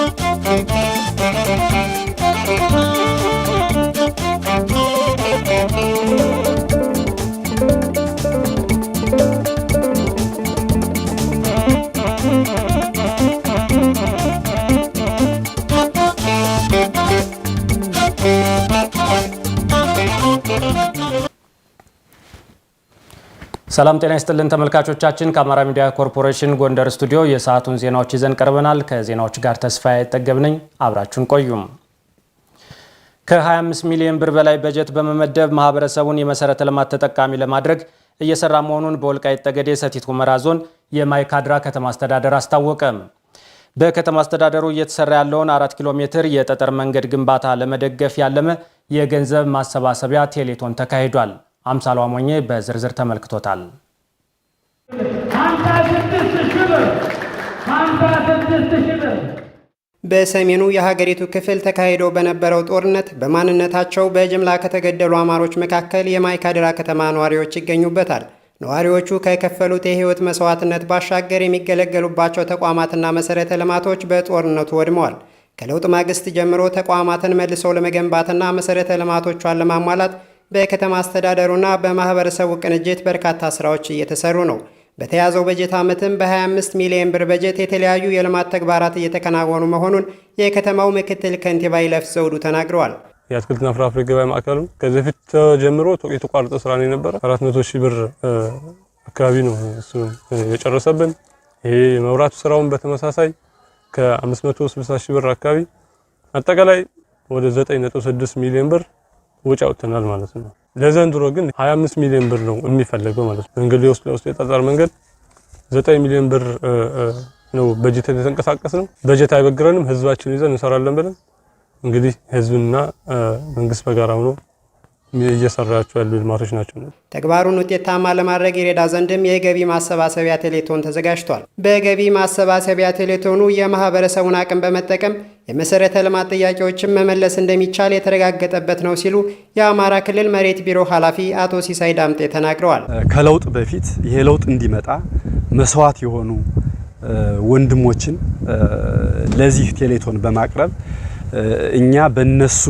Thank you. ሰላም ጤና ይስጥልን ተመልካቾቻችን፣ ከአማራ ሚዲያ ኮርፖሬሽን ጎንደር ስቱዲዮ የሰዓቱን ዜናዎች ይዘን ቀርበናል። ከዜናዎች ጋር ተስፋዬ ጠገብ ነኝ፣ አብራችሁን ቆዩም። ከ25 ሚሊዮን ብር በላይ በጀት በመመደብ ማህበረሰቡን የመሰረተ ልማት ተጠቃሚ ለማድረግ እየሰራ መሆኑን በወልቃይት ጠገዴ ሰቲት ሁመራ ዞን የማይካድራ ከተማ አስተዳደር አስታወቀ። በከተማ አስተዳደሩ እየተሰራ ያለውን አራት ኪሎ ሜትር የጠጠር መንገድ ግንባታ ለመደገፍ ያለመ የገንዘብ ማሰባሰቢያ ቴሌቶን ተካሂዷል። አምሳሉ አሞኜ በዝርዝር ተመልክቶታል። በሰሜኑ የሀገሪቱ ክፍል ተካሂዶ በነበረው ጦርነት በማንነታቸው በጅምላ ከተገደሉ አማሮች መካከል የማይካድራ ከተማ ነዋሪዎች ይገኙበታል። ነዋሪዎቹ ከከፈሉት የሕይወት መስዋዕትነት ባሻገር የሚገለገሉባቸው ተቋማትና መሠረተ ልማቶች በጦርነቱ ወድመዋል። ከለውጥ ማግስት ጀምሮ ተቋማትን መልሰው ለመገንባትና መሠረተ ልማቶቿን ለማሟላት በከተማ አስተዳደሩና በማህበረሰቡ ቅንጅት በርካታ ስራዎች እየተሰሩ ነው። በተያዘው በጀት ዓመትም በ25 ሚሊዮን ብር በጀት የተለያዩ የልማት ተግባራት እየተከናወኑ መሆኑን የከተማው ምክትል ከንቲባ ይለፍ ዘውዱ ተናግረዋል። የአትክልትና ፍራፍሬ ገበያ ማዕከሉ ከዚህ በፊት ተጀምሮ የተቋረጠ ስራ ነው የነበረ። 400 ሺህ ብር አካባቢ ነው እሱ የጨረሰብን። ይሄ የመብራቱ ስራውን በተመሳሳይ ከ560 ሺህ ብር አካባቢ አጠቃላይ ወደ 9.6 ሚሊዮን ብር ወጪ አውጥተናል ማለት ነው። ለዘንድሮ ግን 25 ሚሊዮን ብር ነው የሚፈለገው ማለት ነው። እንግዲህ ውስጥ ለውስጥ የጠጠር መንገድ 9 ሚሊዮን ብር ነው በጀት የተንቀሳቀስ ነው። በጀት አይበግረንም፣ ህዝባችን ይዘን እንሰራለን ብለን እንግዲህ ህዝብና መንግስት በጋራ ሆኖ እየሰራቸው ያሉ ልማቶች ናቸው። ተግባሩን ውጤታማ ለማድረግ ይረዳ ዘንድም የገቢ ማሰባሰቢያ ቴሌቶን ተዘጋጅቷል። በገቢ ማሰባሰቢያ ቴሌቶኑ የማህበረሰቡን አቅም በመጠቀም የመሰረተ ልማት ጥያቄዎችን መመለስ እንደሚቻል የተረጋገጠበት ነው ሲሉ የአማራ ክልል መሬት ቢሮ ኃላፊ አቶ ሲሳይ ዳምጤ ተናግረዋል። ከለውጥ በፊት ይሄ ለውጥ እንዲመጣ መስዋዕት የሆኑ ወንድሞችን ለዚህ ቴሌቶን በማቅረብ እኛ በነሱ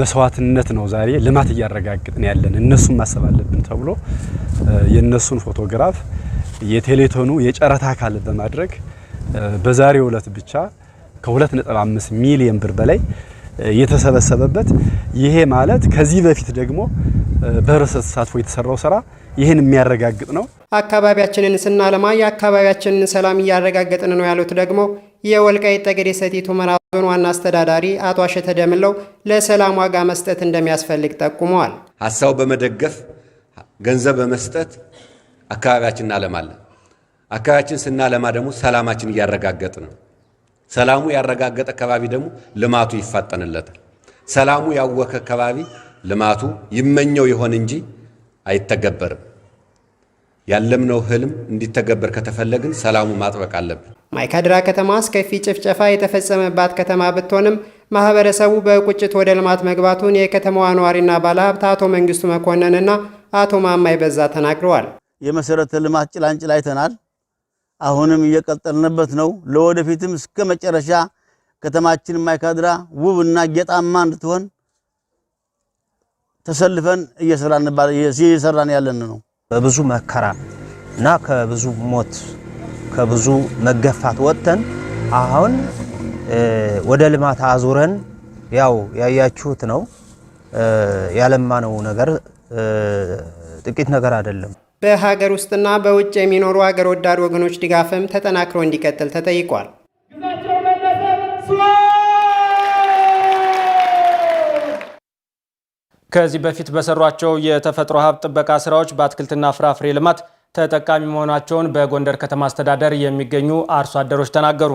መስዋዕትነት ነው ዛሬ ልማት እያረጋግጥን ያለን እነሱን ማሰብ አለብን ተብሎ የእነሱን ፎቶግራፍ የቴሌቶኑ የጨረታ አካል በማድረግ በዛሬው ዕለት ብቻ ከ2.5 ሚሊዮን ብር በላይ የተሰበሰበበት ይሄ ማለት ከዚህ በፊት ደግሞ በህብረተሰብ ተሳትፎ የተሰራው ስራ ይህን የሚያረጋግጥ ነው። አካባቢያችንን ስናለማ የአካባቢያችንን ሰላም እያረጋገጥን ነው ያሉት ደግሞ የወልቃይት ጠገዴ ሰቲት ሁመራ ዞን ዋና አስተዳዳሪ አቶ አሸተ ደምለው ለሰላም ዋጋ መስጠት እንደሚያስፈልግ ጠቁመዋል። ሀሳቡ በመደገፍ ገንዘብ በመስጠት አካባቢያችን እናለማለን። አካባቢያችን ስናለማ ደግሞ ሰላማችን እያረጋገጥ ነው። ሰላሙ ያረጋገጠ አካባቢ ደግሞ ልማቱ ይፋጠንለታል። ሰላሙ ያወከ አካባቢ ልማቱ ይመኘው ይሆን እንጂ አይተገበርም። ያለምነው ህልም እንዲተገበር ከተፈለግን ሰላሙ ማጥበቅ አለብን። ማይካድራ ከተማ አስከፊ ጭፍጨፋ የተፈጸመባት ከተማ ብትሆንም ማህበረሰቡ በቁጭት ወደ ልማት መግባቱን የከተማዋ ነዋሪና ባለሀብት አቶ መንግስቱ መኮንንና አቶ ማማይ በዛ ተናግረዋል። የመሰረተ ልማት ጭላንጭል አይተናል። አሁንም እየቀጠልንበት ነው። ለወደፊትም እስከ መጨረሻ ከተማችን ማይካድራ ውብና ጌጣማ እንድትሆን ተሰልፈን እየሰራን ያለን ነው። በብዙ መከራ እና ከብዙ ሞት ከብዙ መገፋት ወጥተን አሁን ወደ ልማት አዙረን ያው ያያችሁት ነው ያለማነው ነገር ጥቂት ነገር አይደለም። በሀገር ውስጥና በውጭ የሚኖሩ ሀገር ወዳድ ወገኖች ድጋፍም ተጠናክሮ እንዲቀጥል ተጠይቋል። ከዚህ በፊት በሰሯቸው የተፈጥሮ ሀብት ጥበቃ ስራዎች በአትክልትና ፍራፍሬ ልማት ተጠቃሚ መሆናቸውን በጎንደር ከተማ አስተዳደር የሚገኙ አርሶ አደሮች ተናገሩ።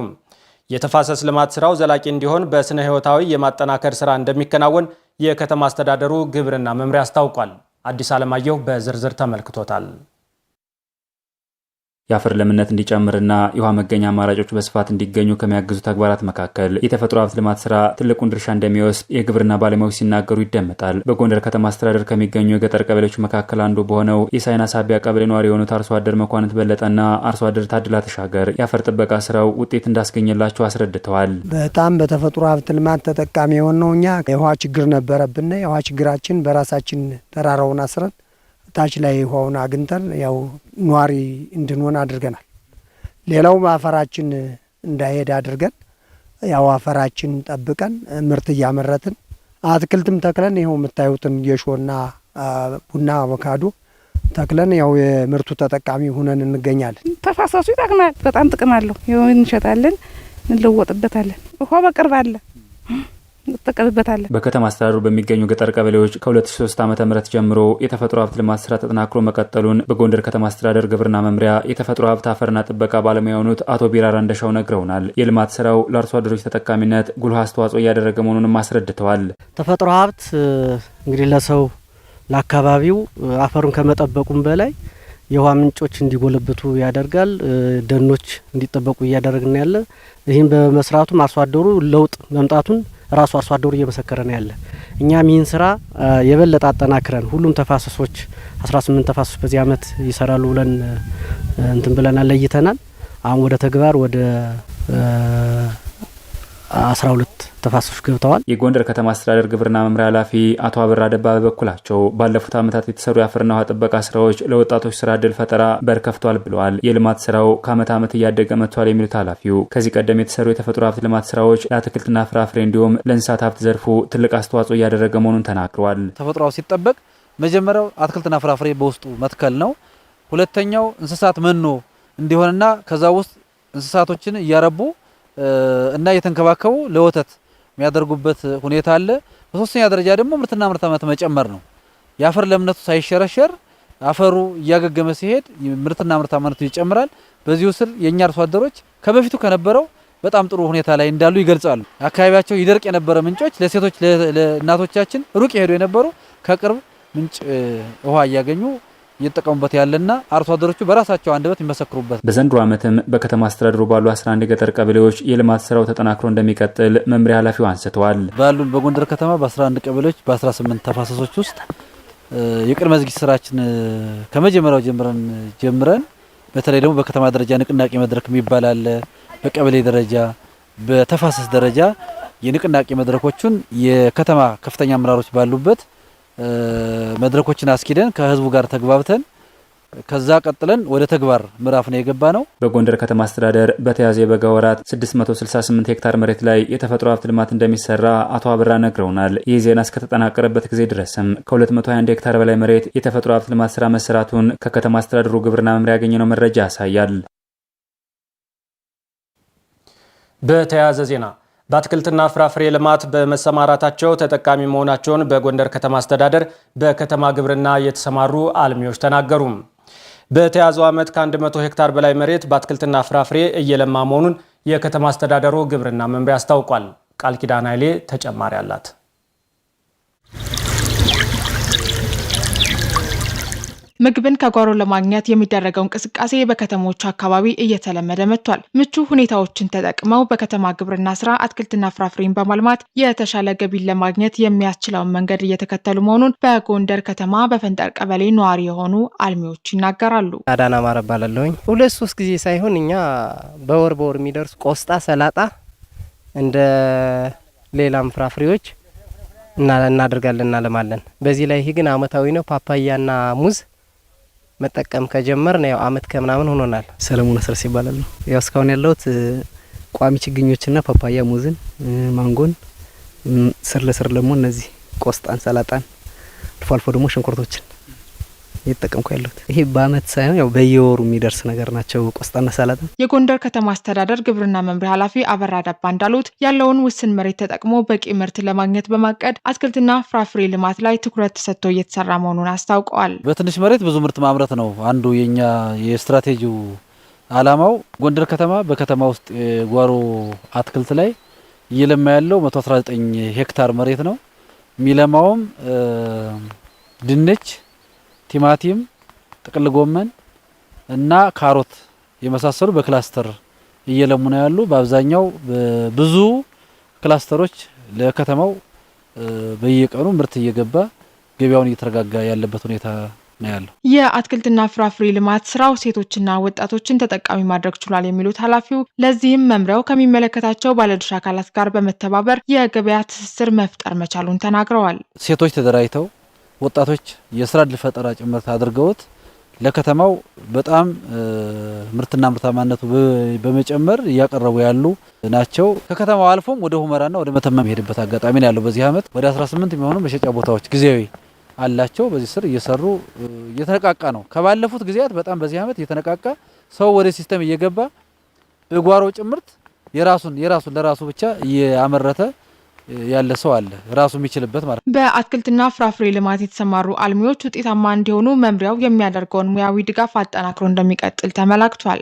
የተፋሰስ ልማት ስራው ዘላቂ እንዲሆን በስነ ህይወታዊ የማጠናከር ስራ እንደሚከናወን የከተማ አስተዳደሩ ግብርና መምሪያ አስታውቋል። አዲስ አለማየሁ በዝርዝር ተመልክቶታል። የአፈር ለምነት እንዲጨምርና የውሃ መገኛ አማራጮች በስፋት እንዲገኙ ከሚያግዙ ተግባራት መካከል የተፈጥሮ ሀብት ልማት ስራ ትልቁን ድርሻ እንደሚወስድ የግብርና ባለሙያዎች ሲናገሩ ይደመጣል። በጎንደር ከተማ አስተዳደር ከሚገኙ የገጠር ቀበሌዎች መካከል አንዱ በሆነው የሳይና ሳቢያ ቀበሌ ነዋሪ የሆኑት አርሶ አደር መኳንንት በለጠና አርሶ አደር ታድላ ተሻገር የአፈር ጥበቃ ስራው ውጤት እንዳስገኘላቸው አስረድተዋል። በጣም በተፈጥሮ ሀብት ልማት ተጠቃሚ የሆነው እኛ የውሃ ችግር ነበረብንና የውሃ ችግራችን በራሳችን ተራራውን አስረን ታች ላይ ውሃውን አግኝተን ያው ኗሪ እንድንሆን አድርገናል። ሌላው አፈራችን እንዳይሄድ አድርገን ያው አፈራችን ጠብቀን ምርት እያመረትን አትክልትም ተክለን ይኸው የምታዩትን ጌሾና ቡና አቮካዶ ተክለን ያው የምርቱ ተጠቃሚ ሁነን እንገኛለን። ተፋሰሱ ይጠቅማል፣ በጣም ጥቅም አለው። ይኸው እንሸጣለን፣ እንለወጥበታለን። ውሃ በቅርብ አለ። እንጠቀምበታለን። በከተማ አስተዳደሩ በሚገኙ ገጠር ቀበሌዎች ከ2003 ዓ ም ጀምሮ የተፈጥሮ ሀብት ልማት ስራ ተጠናክሮ መቀጠሉን በጎንደር ከተማ አስተዳደር ግብርና መምሪያ የተፈጥሮ ሀብት አፈርና ጥበቃ ባለሙያ የሆኑት አቶ ቢራራ እንደሻው ነግረውናል። የልማት ስራው ለአርሶ አደሮች ተጠቃሚነት ጉልህ አስተዋጽኦ እያደረገ መሆኑንም አስረድተዋል። ተፈጥሮ ሀብት እንግዲህ ለሰው ለአካባቢው አፈሩን ከመጠበቁም በላይ የውሃ ምንጮች እንዲጎለብቱ ያደርጋል። ደኖች እንዲጠበቁ እያደረግን ያለ ይህም በመስራቱም አርሶ አደሩ ለውጥ መምጣቱን ራሱ አርሶ አደሩ እየመሰከረ ነው ያለ። እኛም ይህን ስራ የበለጠ አጠናክረን ሁሉም ተፋሰሶች 18 ተፋሰሶች በዚህ አመት ይሰራሉ ብለን እንትን ብለናል፣ ለይተናል። አሁን ወደ ተግባር ወደ አስራ ሁለት ተፋሶች ገብተዋል። የጎንደር ከተማ አስተዳደር ግብርና መምሪያ ኃላፊ አቶ አበራ ደባ በበኩላቸው ባለፉት ዓመታት የተሰሩ የአፈርና ውሃ ጥበቃ ስራዎች ለወጣቶች ስራ እድል ፈጠራ በር ከፍቷል ብለዋል። የልማት ስራው ከዓመት ዓመት እያደገ መጥቷል የሚሉት ኃላፊው ከዚህ ቀደም የተሰሩ የተፈጥሮ ሀብት ልማት ስራዎች ለአትክልትና ፍራፍሬ እንዲሁም ለእንስሳት ሀብት ዘርፉ ትልቅ አስተዋጽኦ እያደረገ መሆኑን ተናግረዋል። ተፈጥሯው ሲጠበቅ መጀመሪያው አትክልትና ፍራፍሬ በውስጡ መትከል ነው። ሁለተኛው እንስሳት መኖ እንዲሆንና ከዛ ውስጥ እንስሳቶችን እያረቡ እና እየተንከባከቡ ለወተት የሚያደርጉበት ሁኔታ አለ። በሶስተኛ ደረጃ ደግሞ ምርትና ምርታማነት መጨመር ነው። የአፈር ለምነቱ ሳይሸረሸር አፈሩ እያገገመ ሲሄድ ምርትና ምርታማነቱ ይጨምራል። በዚሁ ስር የእኛ አርሶ አደሮች ከበፊቱ ከነበረው በጣም ጥሩ ሁኔታ ላይ እንዳሉ ይገልጻሉ። አካባቢያቸው ይደርቅ የነበረ ምንጮች ለሴቶች ለእናቶቻችን ሩቅ የሄዱ የነበሩ ከቅርብ ምንጭ ውሃ እያገኙ እየተጠቀሙበት ያለና አርሶ አደሮቹ በራሳቸው አንደበት ይመሰክሩበት። በዘንድሮ ዓመትም በከተማ አስተዳደሩ ባሉ 11 የገጠር ቀበሌዎች የልማት ስራው ተጠናክሮ እንደሚቀጥል መምሪያ ኃላፊው አንስተዋል። ባሉን በጎንደር ከተማ በ11 ቀበሌዎች በ18 ተፋሰሶች ውስጥ የቅድመ ዝግጅት ስራችን ከመጀመሪያው ጀምረን ጀምረን በተለይ ደግሞ በከተማ ደረጃ ንቅናቄ መድረክ የሚባል አለ። በቀበሌ ደረጃ፣ በተፋሰስ ደረጃ የንቅናቄ መድረኮቹን የከተማ ከፍተኛ አመራሮች ባሉበት መድረኮችን አስኪደን ከህዝቡ ጋር ተግባብተን ከዛ ቀጥለን ወደ ተግባር ምዕራፍ ነው የገባ ነው። በጎንደር ከተማ አስተዳደር በተያዘ የበጋ ወራት 668 ሄክታር መሬት ላይ የተፈጥሮ ሀብት ልማት እንደሚሰራ አቶ አብራ ነግረውናል። ይህ ዜና እስከተጠናቀረበት ጊዜ ድረስም ከ221 ሄክታር በላይ መሬት የተፈጥሮ ሀብት ልማት ስራ መሰራቱን ከከተማ አስተዳደሩ ግብርና መምሪያ ያገኘነው መረጃ ያሳያል። በተያያዘ ዜና በአትክልትና ፍራፍሬ ልማት በመሰማራታቸው ተጠቃሚ መሆናቸውን በጎንደር ከተማ አስተዳደር በከተማ ግብርና የተሰማሩ አልሚዎች ተናገሩ። በተያዘው ዓመት ከ100 ሄክታር በላይ መሬት በአትክልትና ፍራፍሬ እየለማ መሆኑን የከተማ አስተዳደሩ ግብርና መምሪያ አስታውቋል። ቃል ኪዳን ኃይሌ ተጨማሪ አላት። ምግብን ከጓሮ ለማግኘት የሚደረገው እንቅስቃሴ በከተሞቹ አካባቢ እየተለመደ መጥቷል። ምቹ ሁኔታዎችን ተጠቅመው በከተማ ግብርና ስራ አትክልትና ፍራፍሬን በማልማት የተሻለ ገቢን ለማግኘት የሚያስችለውን መንገድ እየተከተሉ መሆኑን በጎንደር ከተማ በፈንጠር ቀበሌ ነዋሪ የሆኑ አልሚዎች ይናገራሉ። አዳና ማረ ሁለት ሶስት ጊዜ ሳይሆን እኛ በወር በወር የሚደርስ ቆስጣ፣ ሰላጣ እንደ ሌላም ፍራፍሬዎች እናደርጋለን እናለማለን። በዚህ ላይ ይህ ግን አመታዊ ነው። ፓፓያና ሙዝ መጠቀም ነው ያው አመት ከምናምን ሆኖናል። ሰለሞን አስረስ ይባላል። ያው እስካሁን ያለሁት ቋሚ ችግኞችና ፓፓያ፣ ሙዝን፣ ማንጎን ስር ለስር ደግሞ እነዚህ ቆስጣን፣ ሰላጣን አልፎ አልፎ ደግሞ ሽንኩርቶችን እየተጠቀምኩ ያለሁት ይሄ በአመት ሳይሆን ያው በየወሩ የሚደርስ ነገር ናቸው ቆስጣና ሰላጣ። የጎንደር ከተማ አስተዳደር ግብርና መምሪያ ኃላፊ አበራ ዳባ እንዳሉት ያለውን ውስን መሬት ተጠቅሞ በቂ ምርት ለማግኘት በማቀድ አትክልትና ፍራፍሬ ልማት ላይ ትኩረት ተሰጥቶ እየተሰራ መሆኑን አስታውቀዋል። በትንሽ መሬት ብዙ ምርት ማምረት ነው አንዱ የኛ የስትራቴጂው አላማው። ጎንደር ከተማ በከተማ ውስጥ የጓሮ አትክልት ላይ እየለማ ያለው 119 ሄክታር መሬት ነው። የሚለማውም ድንች ቲማቲም፣ ጥቅል ጎመን እና ካሮት የመሳሰሉ በክላስተር እየለሙ ነው ያሉ። በአብዛኛው ብዙ ክላስተሮች ለከተማው በየቀኑ ምርት እየገባ ገበያውን እየተረጋጋ ያለበት ሁኔታ ነው ያለው። የአትክልትና ፍራፍሬ ልማት ስራው ሴቶችና ወጣቶችን ተጠቃሚ ማድረግ ችሏል የሚሉት ኃላፊው፣ ለዚህም መምሪያው ከሚመለከታቸው ባለድርሻ አካላት ጋር በመተባበር የገበያ ትስስር መፍጠር መቻሉን ተናግረዋል። ሴቶች ተደራጅተው ወጣቶች የስራ እድል ፈጠራ ጭምርት አድርገውት ለከተማው በጣም ምርትና ምርታማነቱ በመጨመር እያቀረቡ ያሉ ናቸው። ከከተማው አልፎም ወደ ሁመራና ወደ መተማ የሚሄድበት አጋጣሚ ነው ያለው። በዚህ አመት ወደ 18 የሚሆኑ መሸጫ ቦታዎች ጊዜያዊ አላቸው። በዚህ ስር እየሰሩ እየተነቃቃ ነው። ከባለፉት ጊዜያት በጣም በዚህ አመት እየተነቃቃ ሰው ወደ ሲስተም እየገባ በጓሮ ጭምርት የራሱን የራሱን ለራሱ ብቻ እያመረተ ያለ ሰው አለ ራሱ የሚችልበት ማለት ነው። በአትክልትና ፍራፍሬ ልማት የተሰማሩ አልሚዎች ውጤታማ እንዲሆኑ መምሪያው የሚያደርገውን ሙያዊ ድጋፍ አጠናክሮ እንደሚቀጥል ተመላክቷል።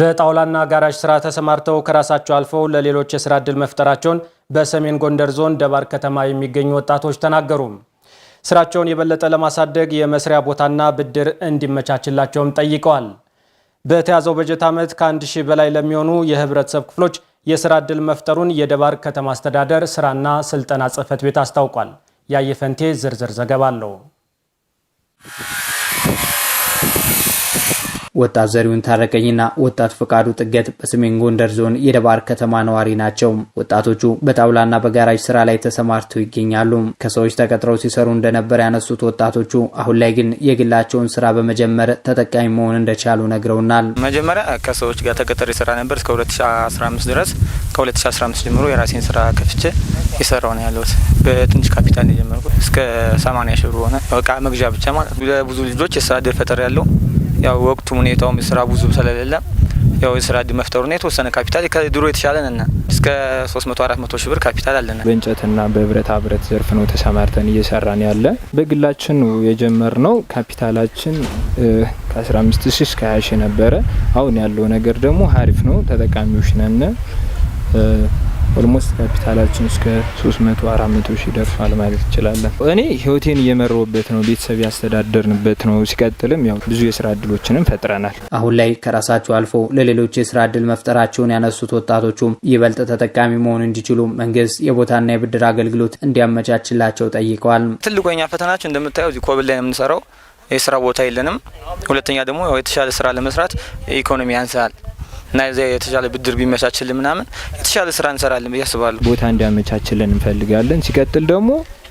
በጣውላና ጋራጅ ስራ ተሰማርተው ከራሳቸው አልፈው ለሌሎች የስራ እድል መፍጠራቸውን በሰሜን ጎንደር ዞን ደባር ከተማ የሚገኙ ወጣቶች ተናገሩ። ስራቸውን የበለጠ ለማሳደግ የመስሪያ ቦታና ብድር እንዲመቻችላቸውም ጠይቀዋል። በተያዘው በጀት ዓመት ከ1 ሺህ በላይ ለሚሆኑ የህብረተሰብ ክፍሎች የስራ ዕድል መፍጠሩን የደባርቅ ከተማ አስተዳደር ስራና ስልጠና ጽህፈት ቤት አስታውቋል። ያየፈንቴ ዝርዝር ዘገባ አለው። ወጣት ዘሪሁን ታረቀኝና ወጣት ፈቃዱ ጥገት በሰሜን ጎንደር ዞን የደባር ከተማ ነዋሪ ናቸው። ወጣቶቹ በጣውላና በጋራጅ ስራ ላይ ተሰማርተው ይገኛሉ። ከሰዎች ተቀጥረው ሲሰሩ እንደነበር ያነሱት ወጣቶቹ አሁን ላይ ግን የግላቸውን ስራ በመጀመር ተጠቃሚ መሆን እንደቻሉ ነግረውናል። መጀመሪያ ከሰዎች ጋር ተቀጥሬ ስራ ነበር እስከ 2015 ድረስ። ከ2015 ጀምሮ የራሴን ስራ ከፍቼ የሰራው ነው ያለሁት። በትንሽ ካፒታል የጀመርኩት እስከ 80 ሺህ ብር ሆነ። እቃ መግዣ ብቻ ማለት ለብዙ ልጆች የስራ እድል ፈጠር ያለው ያው ወቅቱም ሁኔታውም ስራ ብዙ ስለሌለ ያው የስራ እድል ነው። የተወሰነ ካፒታል ከድሮ የተሻለ ነና እስከ 300 400 ሺህ ብር ካፒታል አለን። በእንጨትና በብረታ ብረት ዘርፍ ነው ተሰማርተን እየሰራን ያለ። በግላችን የጀመር ነው ካፒታላችን ከ15 ሺህ እስከ 20 ሺህ ነበረ። አሁን ያለው ነገር ደግሞ ሀሪፍ ነው፣ ተጠቃሚዎች ነን። ኦልሞስት ካፒታላችን እስከ 300 400 ሺህ ደርሷል ማለት እንችላለን። እኔ ህይወቴን እየመረውበት ነው፣ ቤተሰብ ያስተዳደርንበት ነው። ሲቀጥልም ያው ብዙ የስራ እድሎችንም ፈጥረናል። አሁን ላይ ከራሳቸው አልፎ ለሌሎች የስራ እድል መፍጠራቸውን ያነሱት ወጣቶቹም ይበልጥ ተጠቃሚ መሆን እንዲችሉ መንግስት የቦታና የብድር አገልግሎት እንዲያመቻችላቸው ጠይቀዋል። ትልቆኛ ፈተናችን እንደምታየው እዚህ ኮብል ላይ የምንሰራው የስራ ቦታ የለንም። ሁለተኛ ደግሞ የተሻለ ስራ ለመስራት ኢኮኖሚ ያንሳል። እና ዚያ የተሻለ ብድር ቢመቻችልን ምናምን የተሻለ ስራ እንሰራለን ብዬ አስባለሁ። ቦታ እንዲያመቻችልን እንፈልጋለን። ሲቀጥል ደግሞ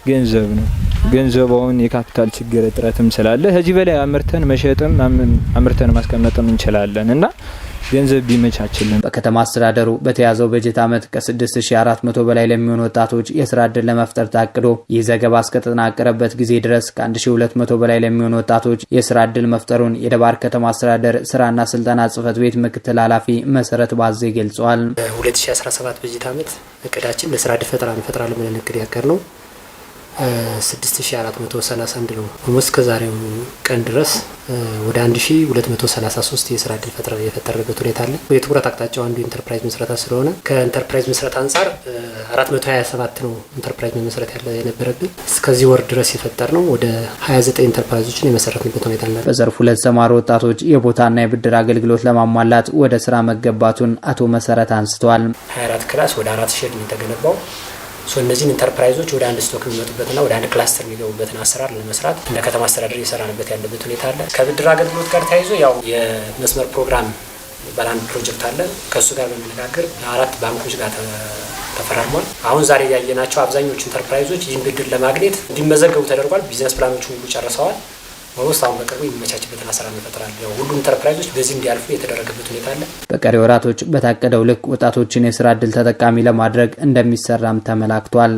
ገንዘብ ነው። ገንዘብ አሁን የካፒታል ችግር እጥረትም ስላለ ከዚህ በላይ አምርተን መሸጥም አምርተን ማስቀመጥም እንችላለን እና ገንዘብ ቢመቻችልን። በከተማ አስተዳደሩ በተያዘው በጀት ዓመት ከ6400 በላይ ለሚሆኑ ወጣቶች የስራ ዕድል ለመፍጠር ታቅዶ ይህ ዘገባ እስከተጠናቀረበት ጊዜ ድረስ ከ1200 በላይ ለሚሆኑ ወጣቶች የስራ ዕድል መፍጠሩን የደባር ከተማ አስተዳደር ስራና ስልጠና ጽህፈት ቤት ምክትል ኃላፊ መሰረት ባዜ ገልጸዋል። በ2017 በጀት ዓመት እቅዳችን ለስራ ዕድል ፈጠራ እንፈጥራለን ብለን እቅድ ያቀር ነው 6431 ነው። ኦልሞስት ከዛሬው ቀን ድረስ ወደ 1233 የስራ እድል ፈጠራ የፈጠረበት ሁኔታ አለ። የትኩረት አቅጣጫው አንዱ ኢንተርፕራይዝ ምስረታ ስለሆነ ከኢንተርፕራይዝ ምስረት አንጻር 427 ነው ኢንተርፕራይዝ መመስረት ያለ የነበረብን እስከዚህ ወር ድረስ የፈጠር ነው ወደ 29 ኢንተርፕራይዞችን የመሰረትንበት ሁኔታ በዘርፍ በዘርፉ ለተሰማሩ ወጣቶች የቦታና የብድር አገልግሎት ለማሟላት ወደ ስራ መገባቱን አቶ መሰረት አንስተዋል። 24 ክላስ ወደ 4 የተገነባው እነዚህን ኢንተርፕራይዞች ወደ አንድ ስቶክ የሚመጡበትና ወደ አንድ ክላስተር የሚገቡበትን አሰራር ለመስራት እንደ ከተማ አስተዳደር እየሰራንበት ያለበት ሁኔታ አለ። ከብድር አገልግሎት ጋር ተያይዞ ያው የመስመር ፕሮግራም ባላንድ ፕሮጀክት አለ። ከእሱ ጋር በመነጋገር ለአራት ባንኮች ጋር ተፈራርሟል። አሁን ዛሬ ያየናቸው አብዛኞቹ ኢንተርፕራይዞች ይህን ብድር ለማግኘት እንዲመዘገቡ ተደርጓል። ቢዝነስ ፕላኖቹ ሁሉ ጨርሰዋል። ኦልሞስት አሁን በቅርቡ የሚመቻችበትን አሰራር እንፈጥራለን። ሁሉም ኢንተርፕራይዞች በዚህ እንዲያልፉ የተደረገበት ሁኔታ አለ። በቀሪ ወራቶች በታቀደው ልክ ወጣቶችን የስራ እድል ተጠቃሚ ለማድረግ እንደሚሰራም ተመላክቷል።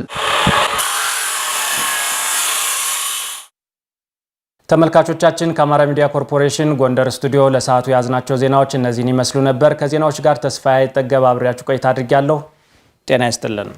ተመልካቾቻችን ከአማራ ሚዲያ ኮርፖሬሽን ጎንደር ስቱዲዮ ለሰዓቱ የያዝናቸው ዜናዎች እነዚህን ይመስሉ ነበር። ከዜናዎች ጋር ተስፋዬ ጠገብ አብሬያችሁ ቆይታ ያለሁ ጤና ይስጥልን።